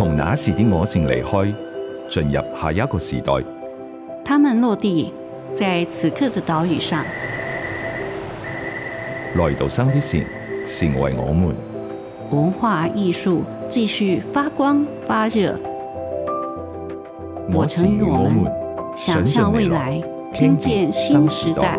從那時的我城離開，進入下一個時代。他們落地在此刻的島嶼上，來到生的時，成為我們。文化藝術繼續發光發熱。我城與我們，想象未來，聽見新時代。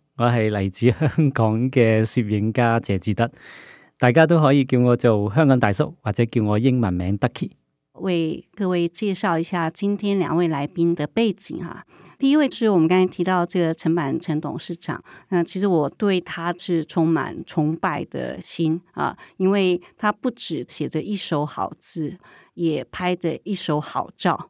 我係嚟自香港嘅攝影家謝至德，大家都可以叫我做香港大叔，或者叫我英文名 Ducky。為各位介紹一下今天兩位來賓的背景哈，第一位是我們剛才提到這個陳板、陳董事長，那其實我對他是充滿崇拜的心啊，因為他不止寫得一手好字，也拍得一手好照。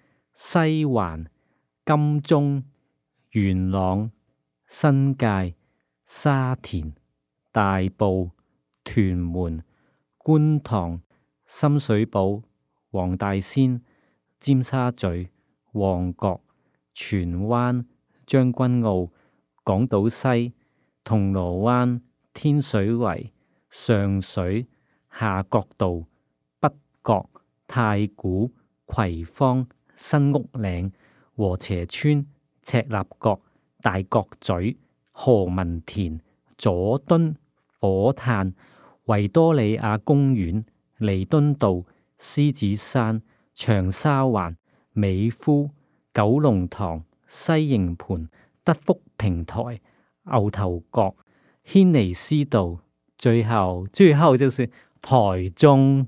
西環、金鐘、元朗、新界、沙田、大埔、屯門、觀塘、深水埗、黃大仙、尖沙咀、旺角、荃灣、將軍澳、港島西、銅鑼灣、天水圍、上水、下角道、北角、太古、葵芳，新屋嶺、和斜村、赤鱲角、大角咀、何文田、佐敦、火炭、維多利亞公園、彌敦道、獅子山、長沙灣、美孚、九龍塘、西營盤、德福平台、牛頭角、軒尼詩道，最後最後就是台中。